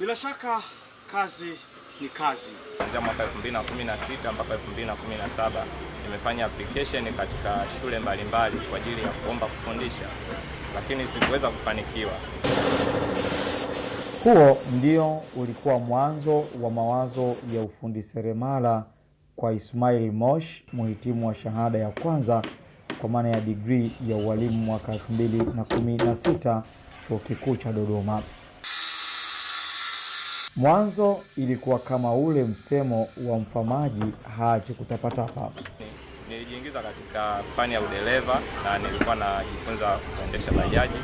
Bila shaka kazi ni kazi. Kuanzia mwaka 2016 mpaka 2017 nimefanya application katika shule mbalimbali kwa ajili ya kuomba kufundisha, lakini sikuweza kufanikiwa. Huo ndio ulikuwa mwanzo wa mawazo ya ufundi seremala kwa Ismail Mosh, muhitimu wa shahada ya kwanza kwa maana ya degree ya ualimu mwaka 2016 Chuo Kikuu cha Dodoma. Mwanzo ilikuwa kama ule msemo wa mfamaji haachi kutapatapa. Nilijiingiza katika fani ya udereva na nilikuwa najifunza kuendesha bajaji,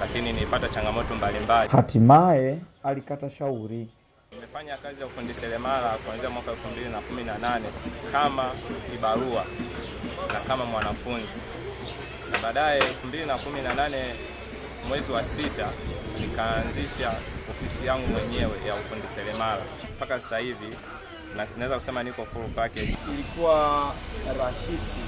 lakini nilipata changamoto mbalimbali. Hatimaye alikata shauri. Nimefanya kazi ya ufundi seremala kuanzia mwaka elfu mbili na na kumi nane kama kibarua na kama mwanafunzi, na baadaye elfu mbili na na kumi nane mwezi wa sita nikaanzisha ofisi yangu mwenyewe ya ufundi seremala. Mpaka sasa hivi naweza kusema niko full package. Ilikuwa rahisi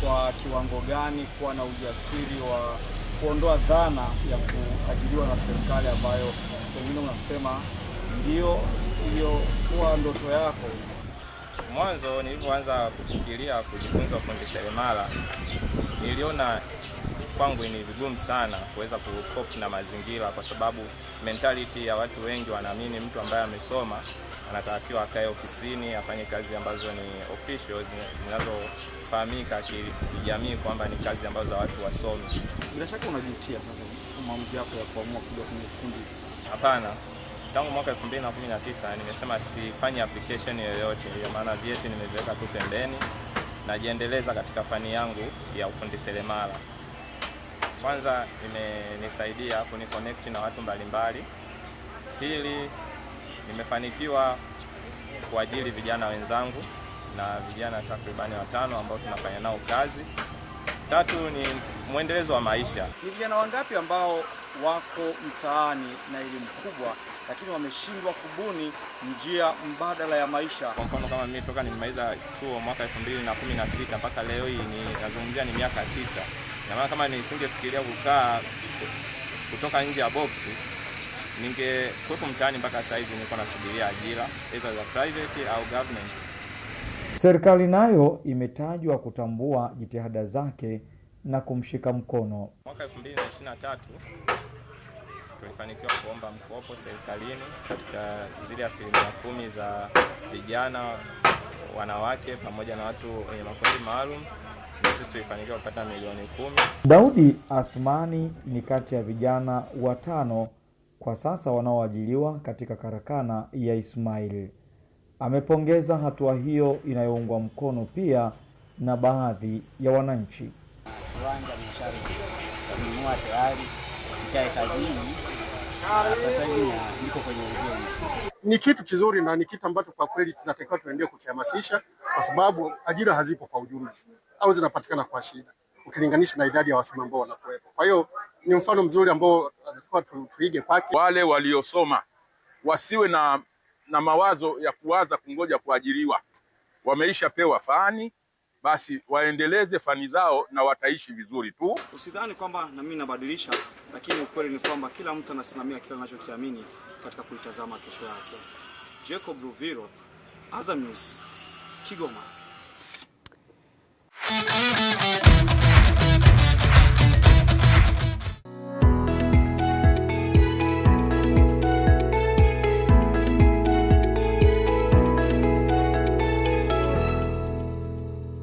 kwa kiwango gani kuwa na ujasiri wa kuondoa dhana ya kuajiriwa na serikali ambayo pengine unasema ndio iliyokuwa ndoto yako? Mwanzo nilivyoanza kufikiria kujifunza ufundi seremala niliona kwangu ni vigumu sana kuweza kukop na mazingira, kwa sababu mentality ya watu wengi wanaamini mtu ambaye amesoma anatakiwa akae ofisini afanye kazi ambazo ni official zinazofahamika kijamii kwamba ni kazi ambazo za watu wasomi. Bila shaka unajutia sasa maamuzi yako ya kuamua kuja kwenye kundi? Hapana, tangu mwaka 2019 nimesema sifanye application yoyote, ya maana vyeti nimeviweka tu pembeni, najiendeleza katika fani yangu ya ufundi seremala. Kwanza imenisaidia kuniconnect na watu mbalimbali. Pili, nimefanikiwa kuajiri vijana wenzangu na vijana takribani watano ambao tunafanya nao kazi. Tatu ni mwendelezo wa maisha. Ni vijana wangapi ambao wako mtaani na elimu kubwa lakini wameshindwa kubuni njia mbadala ya maisha? Kwa mfano kama mimi toka nimemaliza chuo mwaka 2016 mpaka leo hii ni nazungumzia ni miaka tisa na maana kama nisingefikiria kukaa kutoka nje ya ninge ningekuwepo mtaani mpaka sasa hivi, niko nasubiria ajira either za private au government. Serikali nayo imetajwa kutambua jitihada zake na kumshika mkono. Mwaka 2023 tulifanikiwa kuomba mkopo serikalini katika zile asilimia kumi za vijana, wanawake pamoja na watu wenye makundi maalum na sisi tulifanikiwa kupata milioni kumi. Daudi asmani ni kati ya vijana watano kwa sasa wanaoajiliwa katika karakana ya Ismail. Amepongeza hatua hiyo inayoungwa mkono pia na baadhi ya wananchi. Kiwanja nimeshanunua tayari, kazini sasa hivi niko kwenye ujenzi. Ni kitu kizuri na ni kitu ambacho kwa kweli tunatakiwa tuendelee kukihamasisha, kwa sababu ajira hazipo kwa ujumla au zinapatikana kwa shida ukilinganisha na idadi ya wasomi ambao wanakuwepo. Kwa hiyo ni mfano mzuri ambao tunatakiwa tuige kwake. Wale waliosoma wasiwe na, na mawazo ya kuwaza kungoja kuajiriwa. wameisha pewa fani, basi waendeleze fani zao na wataishi vizuri tu. Usidhani kwamba na mimi nabadilisha, lakini ukweli ni kwamba kila mtu anasimamia kile anachokiamini katika kuitazama kesho yake. Jacob Ruviro, Azam News, Kigoma.